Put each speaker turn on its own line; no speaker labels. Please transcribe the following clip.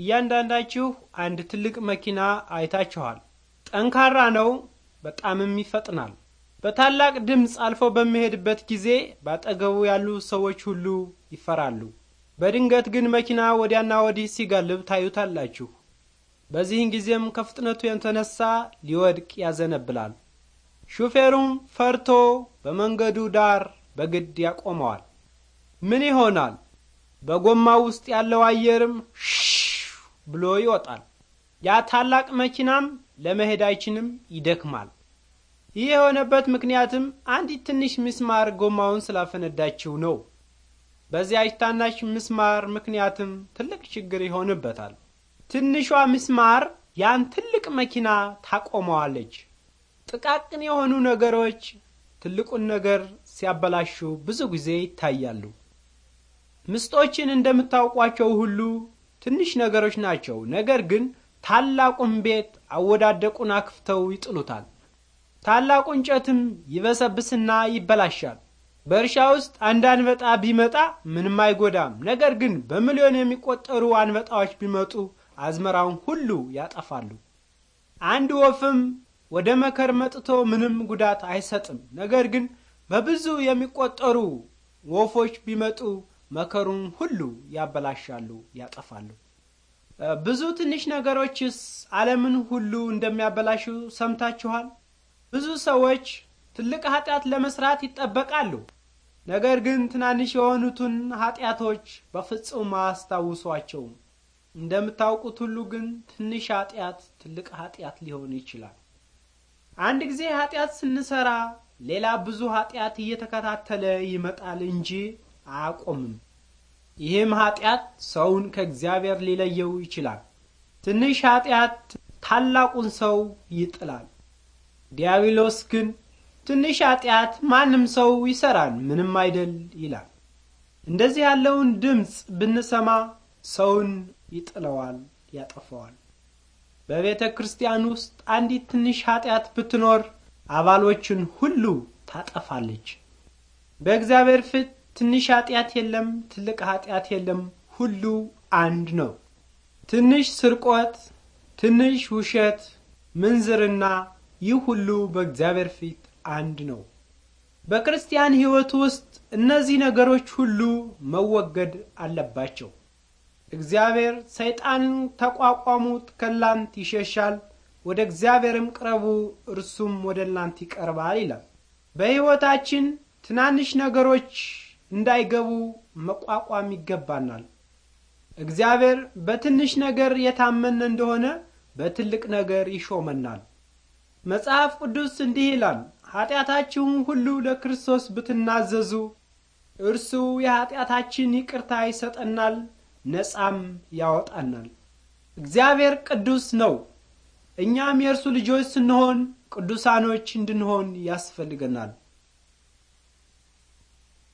እያንዳንዳችሁ አንድ ትልቅ መኪና አይታችኋል። ጠንካራ ነው፣ በጣምም ይፈጥናል። በታላቅ ድምፅ አልፎ በሚሄድበት ጊዜ ባጠገቡ ያሉ ሰዎች ሁሉ ይፈራሉ። በድንገት ግን መኪና ወዲያና ወዲህ ሲጋልብ ታዩታላችሁ። በዚህን ጊዜም ከፍጥነቱ የተነሳ ሊወድቅ ያዘነብላል። ሹፌሩም ፈርቶ በመንገዱ ዳር በግድ ያቆመዋል። ምን ይሆናል? በጎማ ውስጥ ያለው አየርም ብሎ ይወጣል። ያ ታላቅ መኪናም ለመሄዳችንም ይደክማል። ይህ የሆነበት ምክንያትም አንዲት ትንሽ ምስማር ጎማውን ስላፈነዳችው ነው። በዚያች ታናሽ ምስማር ምክንያትም ትልቅ ችግር ይሆንበታል። ትንሿ ምስማር ያን ትልቅ መኪና ታቆመዋለች። ጥቃቅን የሆኑ ነገሮች ትልቁን ነገር ሲያበላሹ ብዙ ጊዜ ይታያሉ። ምስጦችን እንደምታውቋቸው ሁሉ ትንሽ ነገሮች ናቸው። ነገር ግን ታላቁን ቤት አወዳደቁን አክፍተው ይጥሉታል። ታላቁ እንጨትም ይበሰብስና ይበላሻል። በእርሻ ውስጥ አንድ አንበጣ ቢመጣ ምንም አይጎዳም። ነገር ግን በሚሊዮን የሚቆጠሩ አንበጣዎች ቢመጡ አዝመራውን ሁሉ ያጠፋሉ። አንድ ወፍም ወደ መከር መጥቶ ምንም ጉዳት አይሰጥም። ነገር ግን በብዙ የሚቆጠሩ ወፎች ቢመጡ መከሩን ሁሉ ያበላሻሉ፣ ያጠፋሉ። ብዙ ትንሽ ነገሮችስ ዓለምን ሁሉ እንደሚያበላሹ ሰምታችኋል። ብዙ ሰዎች ትልቅ ኃጢአት ለመስራት ይጠበቃሉ፣ ነገር ግን ትናንሽ የሆኑትን ኃጢአቶች በፍጹም አያስታውሷቸውም። እንደምታውቁት ሁሉ ግን ትንሽ ኃጢአት ትልቅ ኃጢአት ሊሆን ይችላል። አንድ ጊዜ ኃጢአት ስንሰራ ሌላ ብዙ ኃጢአት እየተከታተለ ይመጣል እንጂ አያቆምም። ይህም ኃጢአት ሰውን ከእግዚአብሔር ሊለየው ይችላል። ትንሽ አጥያት ታላቁን ሰው ይጥላል። ዲያብሎስ ግን ትንሽ አጥያት ማንም ሰው ይሰራል፣ ምንም አይደል ይላል። እንደዚህ ያለውን ድምፅ ብንሰማ ሰውን ይጥለዋል፣ ያጠፈዋል። በቤተ ክርስቲያን ውስጥ አንዲት ትንሽ ኃጢአት ብትኖር አባሎችን ሁሉ ታጠፋለች። በእግዚአብሔር ፊት ትንሽ ኃጢአት የለም፣ ትልቅ ኃጢአት የለም፣ ሁሉ አንድ ነው። ትንሽ ስርቆት፣ ትንሽ ውሸት፣ ምንዝርና ይህ ሁሉ በእግዚአብሔር ፊት አንድ ነው። በክርስቲያን ሕይወት ውስጥ እነዚህ ነገሮች ሁሉ መወገድ አለባቸው። እግዚአብሔር ሰይጣን ተቋቋሙት፣ ከላንት ይሸሻል፣ ወደ እግዚአብሔርም ቅረቡ፣ እርሱም ወደ ላንት ይቀርባል ይላል። በሕይወታችን ትናንሽ ነገሮች እንዳይገቡ መቋቋም ይገባናል። እግዚአብሔር በትንሽ ነገር የታመነ እንደሆነ በትልቅ ነገር ይሾመናል። መጽሐፍ ቅዱስ እንዲህ ይላል፣ ኀጢአታችሁን ሁሉ ለክርስቶስ ብትናዘዙ እርሱ የኀጢአታችን ይቅርታ ይሰጠናል፣ ነጻም ያወጣናል። እግዚአብሔር ቅዱስ ነው። እኛም የእርሱ ልጆች ስንሆን ቅዱሳኖች እንድንሆን ያስፈልገናል።